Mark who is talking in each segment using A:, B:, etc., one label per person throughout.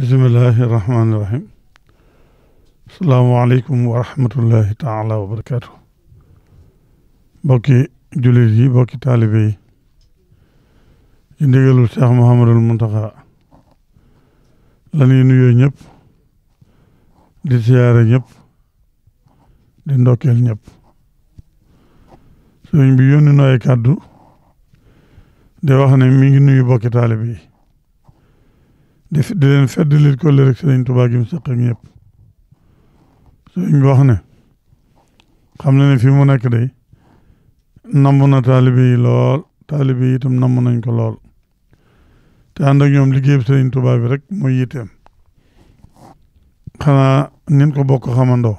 A: bisimillahi irrahmaaniirrahim asalaamualeykum wa rahmatullahi taala wa barakaatu bokki jullit yi bokki taalibe yi ci ndigalul Cheikh Mouhamadul Muntaxa la ñuy nuyoo ñëpp di siyaare ñëpp di ndokkeel ñëpp sëriñ bi yónni nooy kàddu di wax ne mi nuyu bokki taalibe yi di di leen feddalil ko rek sëriñ Tuubaa gi mu sëq ak ñëpp sëriñ bi wax ne xam na ne mu nekk day namm na lool taalibe yi itam namm nañ ko lool te ànd ak ñoom liggéeyub sëriñ Tuubaa bi rek mooy yitteem xanaa nin ko bokk xamandoo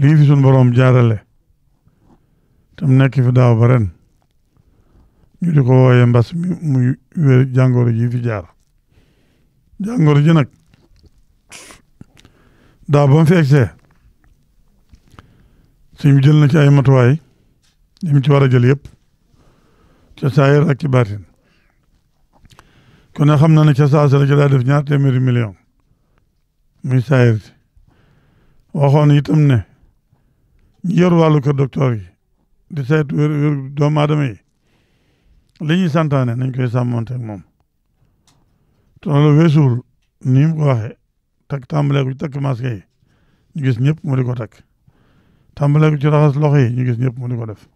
A: lii fi suñ boroom jaarale tam nekk fi daaw ba ren ñu di ko wooyee mbas mi muy wér ji fi jaar jàngoro ji nag daa ba mu fi egsee jël na ci ay matuwaay li mu ci war a jël yëpp ca saayir ak ci baatin kon nag xam na ne ca saasa la ci daa def ñaar téeméeri million muy saayir si waxoon itam ne ñi yor wàllu kër docteur yi di saytu wér wér doomu aadama yi li ñuy santaane nañ koy sàmmonteeg moom te loolu weesuwul ni mu ko waxee takk tàmbale ko ci takk masque gis ñëpp mu di ko takk tàmbale ko ci raxas loxo yi ñu gis ñëpp mu di ko def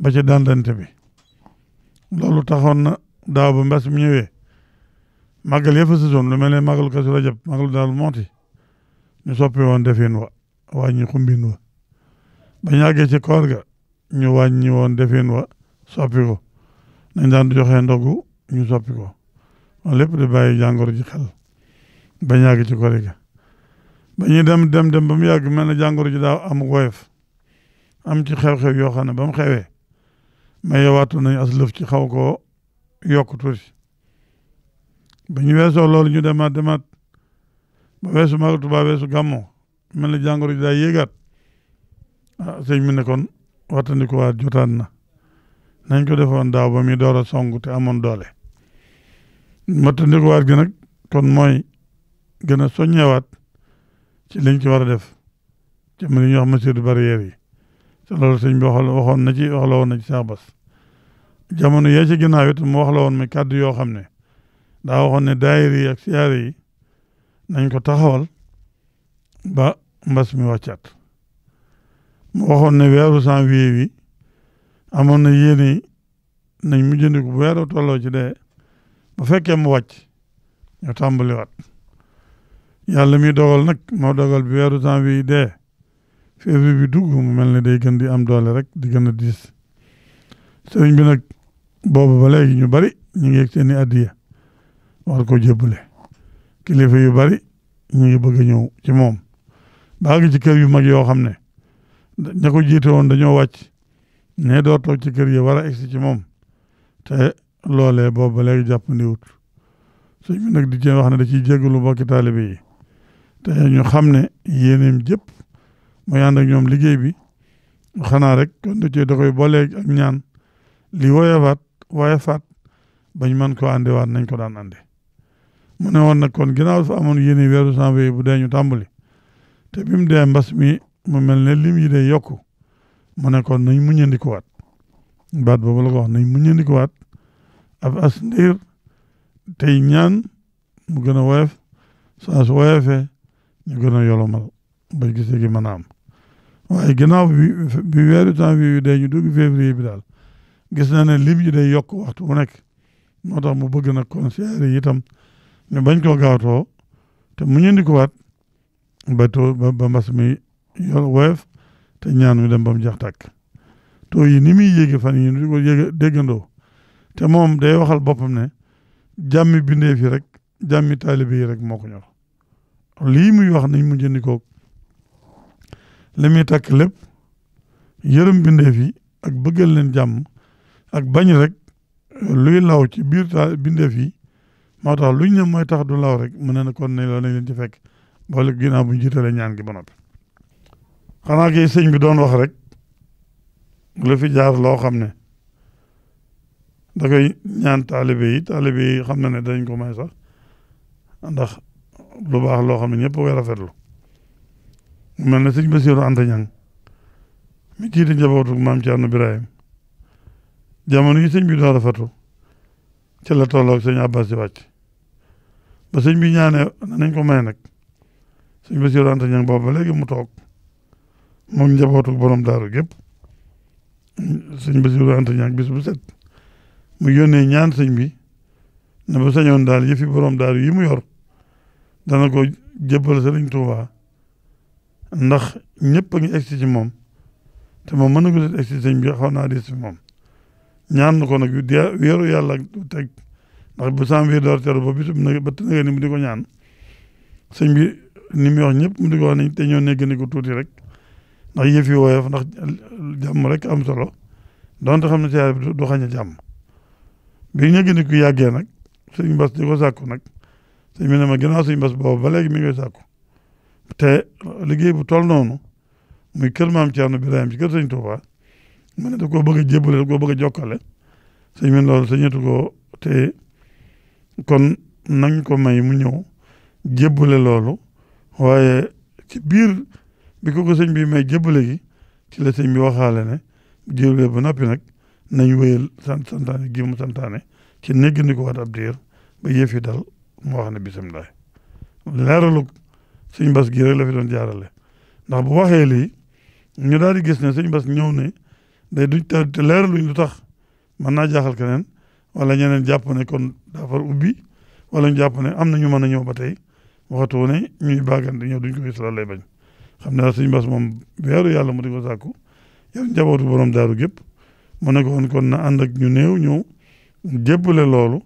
A: ba ci dandante bi loolu taxoon na daaw ba mbas mi ñëwee màggal yëpp si lu mel ne màggalu Kazu Rajab màggalu daal moonti ñu soppi woon defin wa wàññi xumbin wa ba ñu àggee koor ga ñu wàññi woon defin wa soppi ko nañ daan joxe ndogu ñu soppi ko lépp di bàyyi jàngoro ji xel bañ yàgg ci kori dem dem dem ba mu yàgg mel na jàngoro ji daaw am woyof am ci xew-xew yoo xam ne ba mu xewee mais yowaatu nañu as lëf ci xaw ko yokk tuuti ba ñu weesoo loolu ñu demaat demaat ba weesu Màggal Tuubaa weesu gàmmo mel na jàngoro ji daa yéegaat ah sëñ mi ne kon waxtaanikuwaat jotaat na nañ ko defoon daaw ba muy door a song te amoon doole mattandikuwaat gi nag kon mooy gën a soññewaat ci liñ ci war a def ci li ñuy wax mesures barrières yi te loolu sëñ bi waxal waxoon na ci wax la woon na ci Cheikh Bass jamono yee ci ginnaaw it mu wax la woon mi kàddu yoo xam ne daa waxoon ne daayir yi ak siyaar yi nañ ko taxawal ba mbas mi wàccaat mu waxoon weeru weeru janvier wi amoon na yéene nañ mujjandiku bu weeru tolloo ci dee bu fekkee mu wàcc ñu tàmbaliwaat yàlla mi dogal nag moo dogal bi weeru janvier dee février bi dugg mu mel ni day gën di am doole rek di gën a diis sëriñ bi nag boobu ba léegi ñu bari ñu ngi yegg addiya war ko jébbale kilifa yu bari ñu ngi bëgg a ñëw ci moom baa ngi ci kër yu mag yoo xam ne ña ko jiite woon dañoo wàcc ne doo toog ci kër yi war a ci moom te loolee boobu ba léegi jàppandiwut sëñ bi nag di jéem wax ne da ciy jégalu bokki taalibe yi te ñu xam ne yéeneem jëpp mooy ànd ñoom liggéey bi xanaa rek kon da cee da koy booleeg ak ñaan li woyofaat woyofaat bañ mën koo àndewaat nañ ko daan ànde mu ne woon nag kon ginnaaw dafa amoon yéene weeru janvier bu dee ñu tàmbali te bi mu dee mbas mi mu mel ne lim yi dee yokku mu ne kon nañ muñandikuwaat baat boobu la ko wax nañ muñandikuwaat ab as ndiir tey ñaan mu gën a woyof saa su woyofee ñu gën a yolomal ba gisee gi mën a am waaye ginnaaw bi bi weeru temps bi ñu dugg février bi daal gis na ne lim yi day yokk waxtu bu nekk tax mu bëgg nag conseillers yi itam ñu bañ koo gaawtoo te mu ñu ndikuwaat ba too ba mbas mi yor woyof te ñaan mi dem ba mu jeex yi ni muy yéegi fan yi ñu di déggandoo te moom day waxal boppam ne jàmmi bindee fi rek jàmmi taalibe yi rek moo ko ñor lii muy wax nañ mu jëndikoo li muy takk lépp yërëm bindee fi ak bëggal leen jàmm ak bañ rek luy law ci biir ta bindee fi moo tax luñ ne mooy tax du law rek mu ne kon ne loolu nañ leen ci fekk boole ginnaaw bu ñu jiitalee ñaan gi ba noppi xanaa kay sëñ bi doon wax rek lu fi jaar loo xam ne da ñaan taalibe yi taalibe yi xam na ne dañ ko may sax ndax lu baax loo xam ne ñëpp koy rafetlu mu mel ne sëñ Basiru Anta Ñang mi jiite njabootu maam Cerno Birahim jamono yi sëñ bi doon rafetlu ci la tolloog sëñ Abbas si wàcc ba bi ñaanee nañ ko may nag sëñ Basiru Anta Ñang boobu ba léegi mu toog moom njabootu borom daaru gépp sëñ Basiru Anta Ñang bis bu set mu yónnee ñaan sëñ bi na ba sañoon daal yëfi borom daal yi mu yor dana ko jébbal sëriñ Tuuba ndax ñëpp a ngi egsi ci moom te moom mën na guddee egsi sëñ bi xaw naa dis ci moom ñaan na ko nag wéeru yàlla du teg ndax bu sanvier door teru ba bisub na ba tënga ni mu di ko ñaan sëñ bi ni mu wax ñëpp mu di ko wax ni te ñoo nekk ni ko tuuti rek ndax yëf yi woyof ndax jàmm rek am solo donte xam na siyaare bi du xañ a jàmm bi ñëgëniku yàggee nag sëñ Bass di ko sàkku nag sëñ bi ne ma ginnaaw sëñ Bass boobu ba léegi mi ngi koy te liggéey bu toll noonu muy kër maam Thierno Birahim ci kër sëñ Touba mu ne da koo bëgg a jébale koo bëgg a jokkale sëñ bi loolu sëñatu ko te kon nañ ko may mu ñëw jébale loolu waaye ci biir bi ko bi may jébale gi ci la sëñ bi waxaale ne jébale ba noppi nag nañ wéyal sant santaane gi mu santaane ci néggandi ko waat ab diir dal mu wax ne bisimilah leeralu sëñ bas gii rek la fi doon jaarale ndax bu waxee lii ñu daal di gis ne sëñ bas ñëw ne day duñ te leeraluñ lu tax mën naa jaaxal keneen wala ñeneen jàpp ne kon daa far ubbi wala ñu jàpp ne am na ñu mën a ñëw ba tey waxatu ne ñuy baagante ñëw duñ ko gis loolu lay bañ xam ne sëñ bas moom weeru yàlla mu di ko sàkku yow gépp mu ne ko woon kon na ànd ak ñu néew ñëw jébbale loolu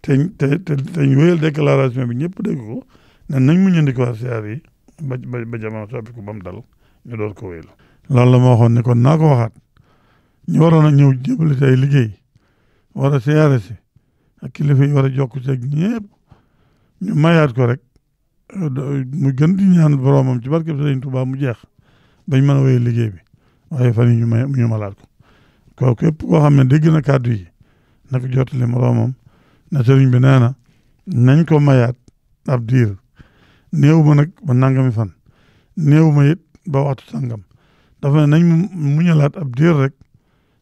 A: te te te déclaration bi ñëpp dégg ko ne nañ mu ñëndi ko waa siyaar yi ba ba ba jamono soppi ko ba mu dal ñu ko wéyal. loolu la ma waxoon ne kon naa ko waxaat ñu waroon a ñëw jébbale si ay liggéey war a siyaare si ak kilifa yi war a jokk si ak ko rek mu gën di ñaan boromam ci barke Sëriñ Tuubaa mu jeex bañ mën a wéyal liggéey bi waaye fan yi ñu may ñu malaat ko képp koo xam ne dégg na kàddu yi na ko jottali na sëriñ bi nee na nañ ko mayaat ab diir néew ma nag ba nangami fan néew ma it ba waxtu sàngam dafa ne mu muñalaat ab diir rek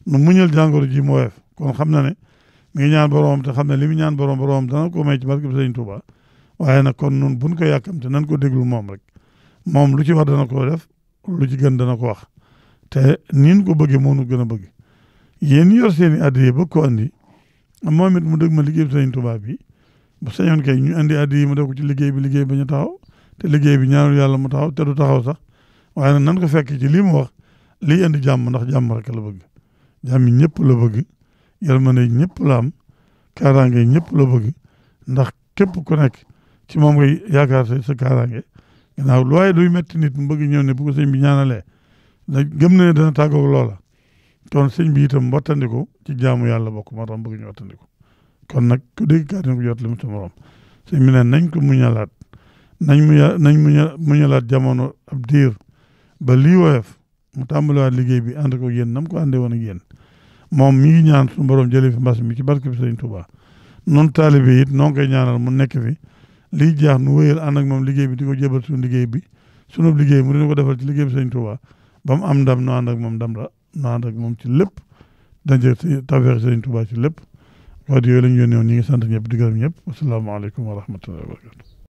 A: nu muñal jàngoro ji moo weef kon xam na ne mi ngi ñaan boroomam te xam ne li mu ñaan boroom boroom dana ko may ci barke bi ba Tuuba waaye kon nun buñ ko yàkkamte nañ ko déglu moom rek moom lu ci war dana ko def lu ci gën dana ko wax te niin ko bëggee moo nu gën a bëgg yéen yor seen i addiya bëgg ko andi moom it mu dëgg ma liggéey sëñ Tuubaa bi bu sañoon kay ñu andi addiya mu def ko ci liggéey bi liggéey bañ a taxaw te liggéey bi ñaanul yàlla mu taxaw te du taxaw sax waaye nag nan ko fekk ci lii mu wax lii andi jàmm ndax jàmm rek la bëgg jàmm yi ñëpp la bëgg yërmande ñëpp la am kaaraange ñëpp la bëgg ndax képp ku nekk ci moom ngay yaakaar sa sa kaaraange gannaaw lu waaye duy metti nit mu bëgg ñëw ne bu ko sëñ bi ñaanalee da gëm na ne dana tàggoog loola kon sëñ bi itam wattandiku ci jaamu yàlla bokk moo tax bëgg ñu kon nag ku dégg kàddu ko jot li mu sa morom sëñ bi ne nañ ko muñalaat nañ mu nañ muñalaat jamono ab diir ba li woyof mu tàmbaliwaat liggéey bi ànd ko yéen nam ko àndee woon ak moom mi ñaan suñu borom jëlee fi mbas mi ci barke bi sëñ Touba noonu taalibe it noo ngi koy mu nekk fi lii jaax nu wéyal ànd ak moom liggéey bi di ko jébal suñu liggéey bi sunu liggéey mu dina ko defal ci liggéey bi sëñ Touba ba mu am ndam nu ànd ak moom ndam la nu ànd moom ci lépp daje tawfeex Sëriñ Tuubaa ci lépp waa di yooyu la ñu yónnee woon ñu ngi sant ñëpp di gërëm ñëpp asalaamaaleykum wa rahmatullahi wa barakatu